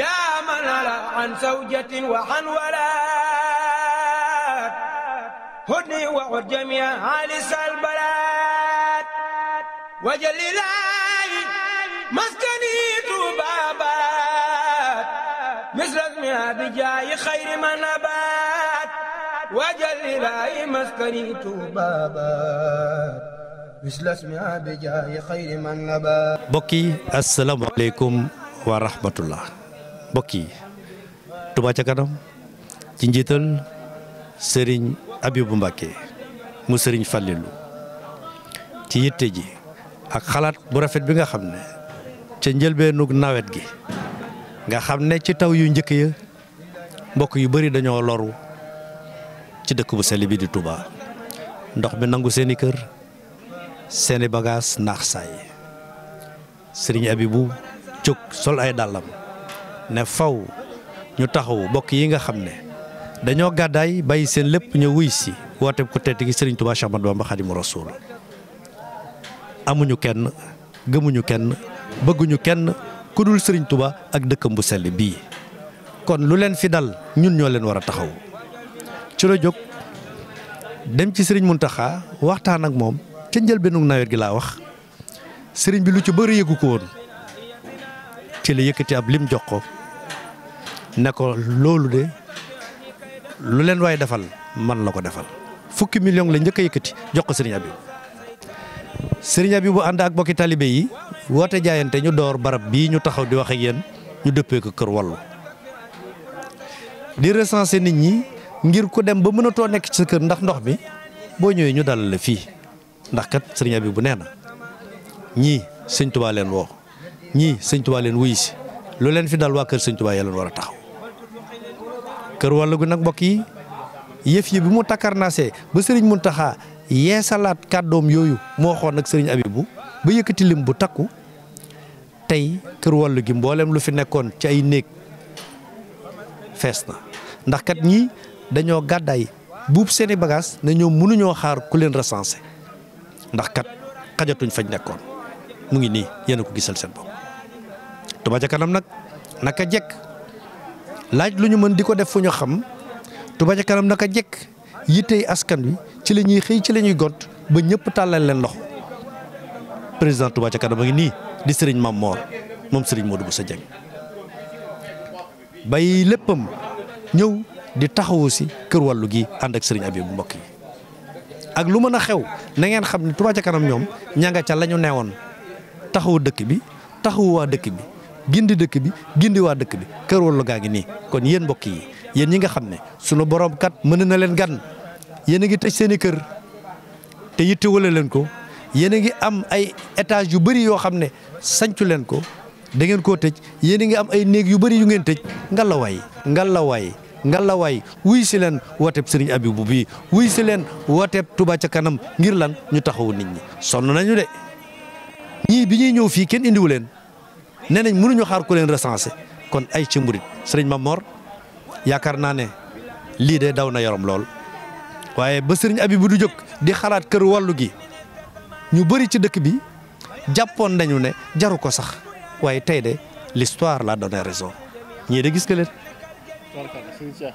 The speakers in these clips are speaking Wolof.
yaa man ala an zawjatin wa an walaad hudni wa hud jamia alisal balaad wajalilaayi maskani tubaabaat misras mi abijaayi xayri man abaat wajalilaayi maskani tubaabaat mislas mi abijaayi xayri man abaat mbokk yi asalaamaaleykum wa rahmatullah mbokk yi Touba ca kanam ci njiital sëriñ Abibu Mbàkke mu sëriñ Fàllilu ci yitte ji ak xalaat bu rafet bi nga xam ne ca njëlbeenug nawet gi nga xam ne ci taw yu njëkk ya mbokk yu bari dañoo loru ci dëkk bu sell bi di Touba ndox bi nangu seeni kër seeni bagaas naax saay sëriñ Abibu jóg sol ay dàllam ne faw ñu taxawu bokk yi nga xam ne dañoo gàddaay bàyyi seen lépp ñu wuy si woote ko tedd gi Serigne Touba Cheikh Ahmadou Bamba Khadimu Rasul amuñu kenn gëmuñu kenn bëgguñu kenn ku dul sëriñ Touba ak dëkkam bu selli bii kon lu leen fi dal ñun ñoo leen war a taxaw ci la jóg dem ci sëriñ muntaxaa waxtaan ak moom ca njëlbeenu nawet gi laa wax sëriñ bi lu ci bëri yëgu ko woon. ci la yëkkati ab lim jox ko ne ko loolu de lu leen waay defal man la ko defal fukki million la njëkk a yëkkati jox ko sëriñ Habib sëriñ bu ànd ak bokki talibé yi woote jaayante ñu door barab bii ñu taxaw di wax ak ñu dëppee ko kër wallu di recenser nit ñi ngir ku dem ba mënatoo nekk ci sa kër ndax ndox mi boo ñëwee ñu dal la fii ndax kat sëriñ bu nee na ñii sëñ Tuubaa leen woo ñii sëñ Tuubaa leen wuyu si lu leen fi dal waa kër sëñ Tuubaa yee leen a taxaw kër wàllu gi nag mbokk yi yëf yi bi mu takkarnaasee ba sëriñ mun Muntaxa yeesalaat kàddoom yooyu moo xoon nag sëriñ Abibu ba yëkkati lim bu takku tey kër wàllu gi mbooleem lu fi nekkoon ci ay néeg fees na ndax kat ñii dañoo gàddaay buub seeni bagage ne ñoom mënuñoo xaar ku leen recensé ndax kat xajatuñ fañ nekkoon mu ngi nii yéen a ko gisal seen bopp. Touba ca kanam nag naka jekk laaj lu ñu mën di ko def fu ñu xam Touba ca kanam naka jekk yittey askan wi ci lañuy xëy ci lañuy gont ba ñëpp tàllal leen loxo président Touba ca kanam a nii di sëriñ Mame Mor moom sëriñ Modou sa Dieng bay léppam ñëw di taxawu si kër wàllu gi ànd ak sëriñ Abibou mbokk yi ak lu mën a xew na ngeen xam ne Touba kanam ñoom ña nga ca la nee woon taxawu dëkk bi taxawu waa dëkk bi gindi dëkk bi gindi waa dëkk bi kër Walo gaa ngi nii kon yéen mbokk yi yéen ñi nga xam ne sunu borom kat mën na leen gan yéen a ngi tëj seen i kër te yitte wala leen ko yéen a ngi am ay étage yu bëri yoo xam ne sancu leen ko da ko tëj yéen a ngi am ay néeg yu bëri yu ngeen tëj ngalawaay ngalawaay ngalawaay wuy si leen wooteeb sëriñ bu bii wuy si leen wooteeb Touba ca kanam ngir lan ñu taxawu nit ñi sonn nañu de ñii bi ñuy ñëw fii kenn indiwu leen. nee nañ mënuñu xaar ko leen recensé kon ay ci mburit sëriñ Mamor yaakaar naa ne lii de daw na yaram lool waaye ba sëriñ Abibu du jëkk di xalaat kër wàllu gi ñu bari ci dëkk bi jàppoon nañu ne jaru ko sax waaye tey de l'histoire la donné raison ñii de gis nga leen.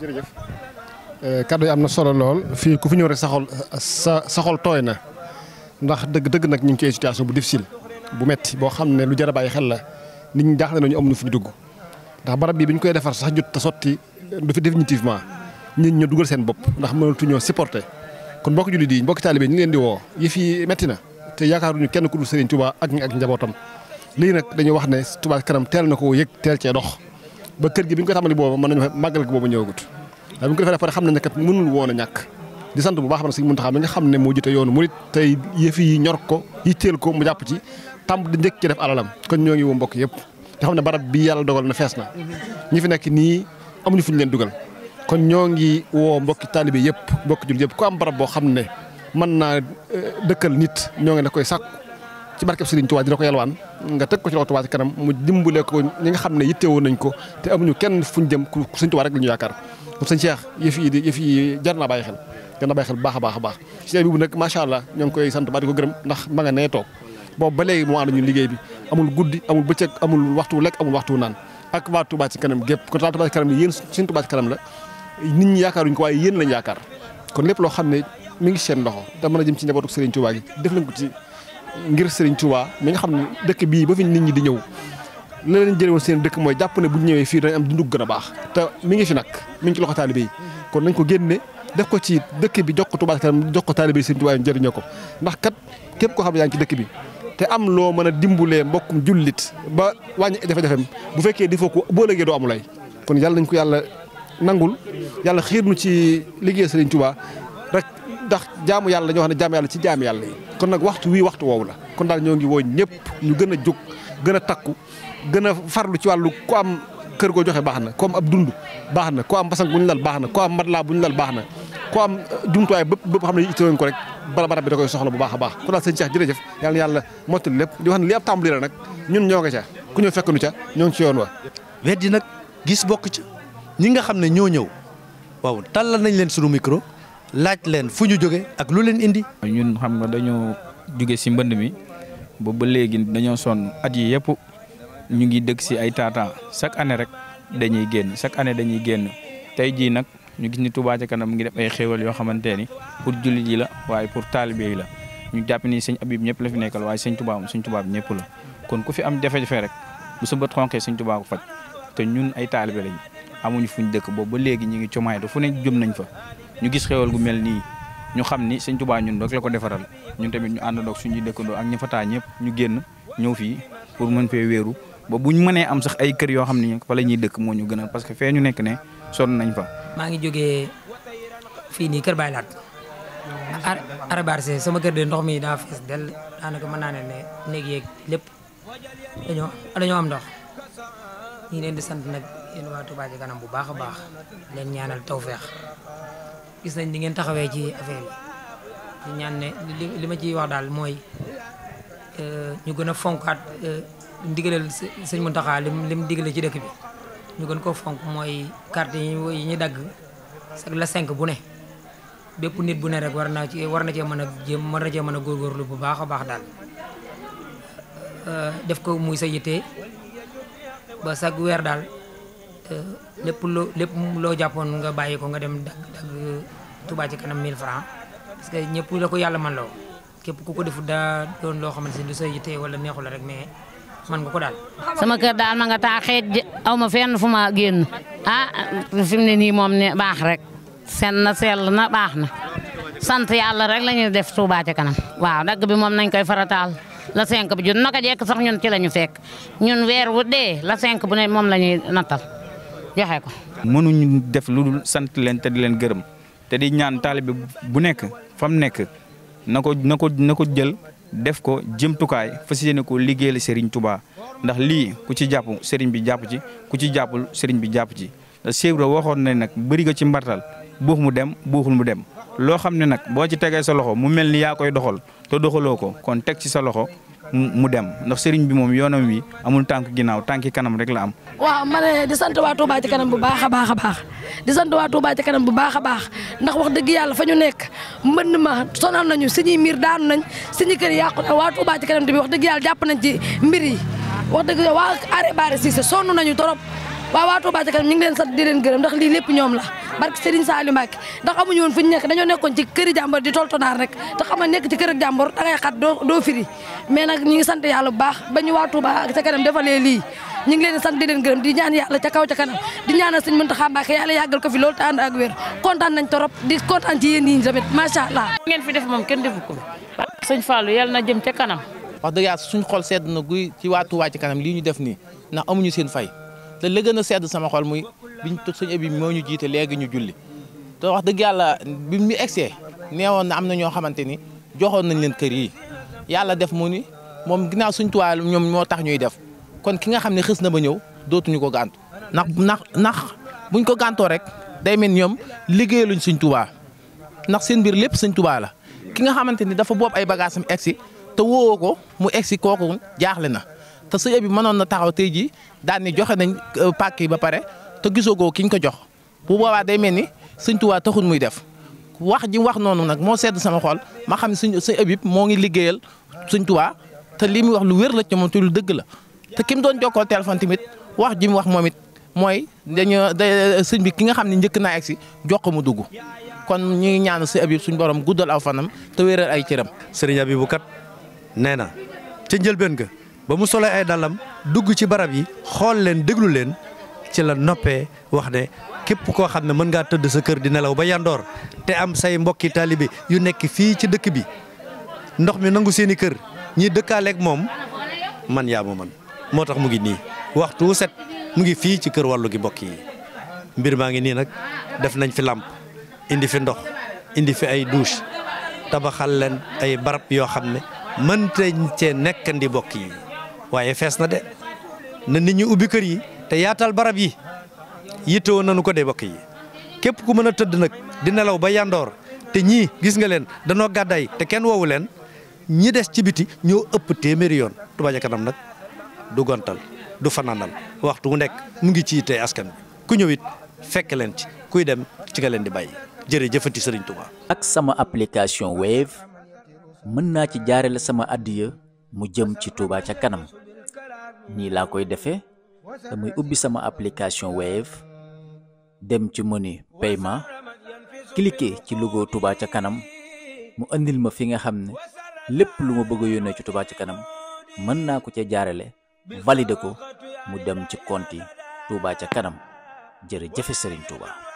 jërëjëf. Euh, kaddu yi am na solo lool fii ku fi ñëw rek saxol sa saxol tooy na ndax dëgg dëgg nag ñu ngi ci situation bu difficile bu metti boo xam ne lu jar bàyyi xel la. nit ñu ñi jaaxle nañu am nu fi dugg ndax barab bi bi ñu koy defar sax jot a sotti du fi définitivement nit ñi ñoo dugal seen bopp ndax mënatuñoo supporter kon mbokk jullit yi mbokk taalibe ñu ngi leen di woo yëf yi metti na te kenn ku dul Serigne Touba ak ak njabootam lii nag dañu wax ne Touba kanam teel na ko yëg teel cee dox ba kër gi bi ñu ko tàmbali boobu mën nañu wax màggal gi boobu ñëwagut waaye bu ñu ko defee pare xam nañ ne kat mënul woon a ñàkk di sant bu baax a baax Serigne Mountakha mi nga xam ne moo jiite yoonu murit tey yëf yi ñor ko yitteel ko mu jàpp ci tàmb di njëkk ci def alalam kon ñoo ngi woo mbokk yëpp te xam ne barab bi yàlla dogal na fees na ñi fi nekk nii amuñu fu ñu leen dugal kon ñoo ngi woo mbokki taalibe yëpp mbokki jul yépp ku am barab boo xam ne man naa eh, dëkkal nit ñoo ngi la koy sàkku ci barkeb Sëriñ Tuubaa dina ko yalwaan nga teg ko ci loxo Tuubaa ci kanam mu dimbale ko ñi nga xam ne yittewoo ko te amuñu kenn fuñ jëm ku Sëriñ Tuubaa rek la ñu yaakaar kon sëñ Cheikh yëf yi yëf yi jar naa xel jar naa bàyyi xel bu baax a baax a baax Cheikh bi bu nag macha allah ñoo ngi koy sant ba ko gërëm ndax ma nga toog boobu ba léegi mu ànd ñu liggéey bi amul guddi amul bëccëg amul waxtu lekk amul waxtu naan ak waa Touba ci kanam gépp kon waa Touba ci kanam yéen seen Touba ci kanam la nit ñi yaakaaruñ ko waaye yéen lañ yaakaar kon lépp loo xam ne mi ngi seen loxo da mën a jëm ci njabootu Serigne Touba def nañ ko ci ngir Serigne Touba mi nga xam ne dëkk bii ba nit ñi di ñëw la leen jëlee woon seen dëkk mooy jàpp ne bu ñëwee fii dañ am dundu gën a baax te mi ngi fi nag mi ngi ci loxo taalibe yi kon nañ ko génne def ko ci dëkk bi jox ko Touba jox ko taalibe yi Serigne Touba yi ko ndax kat képp koo xam ne yaa ngi ci dëkk bi te am loo mën a dimbulee mbokkum jullit ba wàññi jafe-jafem bu fekkee di foo ko boo léegi doo am lay kon yàlla nañ ko yàlla nangul yàlla xiir nu ci liggéey Sëriñ Tuubaa rek ndax jaamu yàlla ñoo wax ne jaamu yàlla ci jaamu yàlla yi kon nag waxtu wii waxtu woowu la kon daal ñoo ngi wooñ ñëpp ñu gën a jóg gën a takku gën a farlu ci wàllu ko am kër goo joxe baax na ku am ab dund baax na ku am basang bu ñu lal baax na ko am mat laa bu ñu lal baax na ku am jumtuwaay bëpp bëpp xam ne ittewoon ko rek barab bi dakoy koy soxla bu baax a baax ku daal sëñ Cheikh jërëjëf yàlla yàlla mottali lépp di wax ne li ab tàmbali la nag ñun ñoo nga ca ku ñëw fekk nu ca ñoo ngi ci yoon wa weddi nag gis bokk ci ñi nga xam ne ñoo ñëw waaw tàllal nañ leen sunu micro laaj leen fu ñu jóge ak lu leen indi ñun xam nga dañoo jóge si mbënd mi ba ba léegi dañoo sonn at yi yëpp ñu ngi dëkk si ay taataa chaque année rek dañuy génn chaque année dañuy génn tey jii nag ñu gis ni Touba ca kanam mu ngi def ay xéewal yoo xamante ni pour jullit yi la waaye pour taalibe yi la ñu jàpp ni sëñ Abib ñëpp la fi nekkal waaye sëñ Touba sëñ ñëpp la kon ku fi am jafe-jafe rek bu sa bët xonqee sëñ Touba ko te ñun ay taalibe lañ amuñu fuñ dëkk boobu ba léegi ñu ngi cumaay fu ne jëm nañ fa ñu gis xéewal gu mel nii ñu xam ni sëñ Touba ñun rek la ko defaral ñun tamit ñu àndandoog suñuy dëkkandoo ak ñu fataa ñëpp ñu génn ñëw fii pour mën fee wéeru ba buñ mënee am sax ay kër yoo xam ne fa la ñuy dëkk moo ñu gënal parce que fee ñu nekk ne son nañ fa maa ngi jógee fii nii Kër Baye Laat arabarse sama kër de ndox mi daa fees dell daanaka mën naa ne ne néeg yeeg lépp dañoo am ndox ñu ngi leen di sant nag yéen waa Touba Kanam bu baax a baax leen ñaanal tawfeex gis nañ ni ngeen taxawee ci affaire bi ñu li ma ciy wax daal mooy euh, ñu gën a fonkaat euh, ndigalal sëñ Muntaxa lim lim digale ci dëkk bi ñu gën koo fonk mooy kart yi yi ñu dagg sax la 5 bu ne bépp nit bu ne rek war naa ci war na cee mën a jéem war na mën a góorgóorlu bu baax a baax daal euh, def ko muy sa yitte ba sag weer daal lépp loo lépp loo jàppoon nga bàyyi ko nga dem dagg dagg Touba ci kanam 1000 francs parce que ñëpp la ko yàlla man loo képp ku ko defu daa doon loo xamante ne du sa yitte wala neexu la rek mais man nga ko daal. sama kër daal ma nga taa xeej aw ma fu ma génn ah fi mu ne nii moom ne baax rek seen na sell na baax na sant yàlla rek la ñuy def Touba a kanam waaw dagg bi moom nañ koy farataal la cinq bi jot naka jekk sax ñun ci la ñu fekk ñun weer wu dee la cinq bu ne moom lañuy ñuy nattal joxe ko. mënuñu def lu dul sant leen te di leen gërëm te di ñaan taalibe bu nekk fa mu nekk na ko ko na jël. def ko jëmtukaay fas yéene ko liggéeyal sëriñ tubaa ndax lii ku ci jàpp sëriñ bi jàpp ci ku ci jàppul sëriñ bi jàpp ci te Cheikh Ibra waxoon na nag bëri nga ci mbartal buux mu dem buuxul mu dem loo xam ne nag boo ci tegee sa loxo mu mel ni yaa koy doxal te doxaloo ko kon teg ci sa loxo. mu dem ndax sëriñ bi moom yoonam wi amul tànk ginaaw tànki kanam rek la am. waaw ma ne di sant waa Touba ci bu baax a baax a baax di sant waa Touba ci kanam bu baax a baax ndax wax dëgg yàlla fa ñu nekk mbënn ma sonal nañu suñuy miir daanu nañ suñu kër yàqu na waa Touba ci kanam tamit wax dëgg yàlla jàpp nañ ci mbir yi wax dëgg waa Arrêt Barre Cissé sonn nañu torop waaw waa Touba ca kanam ñu ngi leen sant di leen gërëm ndax lii lépp ñoom la barke Serigne Saliou Mbacke ndax amuñu woon fu ñu nekk dañoo nekkoon ci këri jàmbor di toltonaar rek te xam nga nekk ci kër ak jàmbor dangay xat nag ñu ngi sant yàlla bu baax ba ñu waa Touba ca kanam lii ñu ngi leen di di leen gërëm di ñaan yàlla ca kaw ca kanam di ñaanal Serigne Mountakha Mbacke yàlla yàggal ko fi loolu te ànd ak wér kontaan nañ torop di kontaan ci yéen yi tamit macha allah ngeen fi def moom kenn defu ko Serigne Fallou na jëm ca kanam wax dëgg yàlla suñ sedd na guy ci waa Touba ca lii ñu def nii ndax amuñu seen fay te la gën a sedd sama xol muy bi biñ sëñ abi moo ñu jiite léegi ñu julli te wax dëgg yàlla bi mu egsee neewoon na am na ñoo xamante ni joxoon nañ leen kër yi yàlla def mu ni moom ginnaaw suñ tuwaay ñoom moo tax ñuy def kon ki nga xam ne xës na ba ñëw dootuñu ko gàntu ndax nax ndax buñ ko gàntoo rek day mel ñoom liggéeyaluñ suñ tubaa ndax seen mbir lépp suñ tubaa la ki nga xamante ni dafa boob ay bagaasam egsi te wóowoo ko mu egsi kooku jaaxle na te sëñ bi mënoon na taxaw tey jii daan ni joxe nañ euh, pàkk yi ba pare te gisoo gisagoo kiñ ko jox bu boobaa day mel ni sëñ Tuubaa taxul muy def wax ji wax noonu nag moo sedd sama xool ma xam ne suñ sëñ Abib moo ngi liggéeyal sëñ Tuubaa te li mu wax lu wér la ci moom te lu dëgg la te ki doon jokkoo téléphone tamit wax ji mu wax moom it mooy dañoo da sëñ bi ki nga xam ne njëkk naa egg si jox ko mu dugg kon ñu ngi ñaanal sëñ Abib suñ borom guddal aw fanam te wéeral ay cëram. sëriñ Abibou kat nee na ca njëlbeen ga ba mu solee ay dalam dugg ci barab yi xool leen déglu leen ci la noppee wax ne képp koo xam ne mën ngaa tëdd sa kër di nelaw ba yandoor te am say mbokki taalibe yu nekk fii ci dëkk bi ndox mi nangu seeni kër ñi dëkkaaleek moom man yaa ma man moo tax mu ngi nii waxtu wu set mu ngi fii ci kër wàllu gi mbokk yi mbir maa ngi nii nag def nañ fi làmp indi fi ndox indi fi ay douche tabaxal leen ay barab yoo xam ne mëntañ cee nekkandi mbokk yi waaye fees na de na nit ñi ubbi kër yi te yaatal barab yi yittewoo nañu ko de bokk yi képp ku mën a tëdd nag di nelaw ba yandoor te ñii gis nga leen danoo gàddaay te kenn woowu leen ñi des ci biti ñoo ëpp téeméeri yoon Touba Ca Kanam nag du gontal du fanaanal waxtu wu nekk mu ngi ci yittee askan bi ku ñëw it fekk leen ci kuy dem ci nga leen di bàyyi jërëjëfati Sëriñ Touba. ak sama application Wave naa ci jaarale sama addiya mu jëm ci Touba ca kanam nii laa koy defee damay ubbi sama application Wave dem ci menu paiement cliquer ci logo Touba ca kanam mu indil ma fi nga xam ne lépp lu ma bëgg a yónnee ci Touba ca kanam mën naa ko ca jaarale valider ko mu dem ci compte yi ca kanam jër jërëjëf Serigne Touba.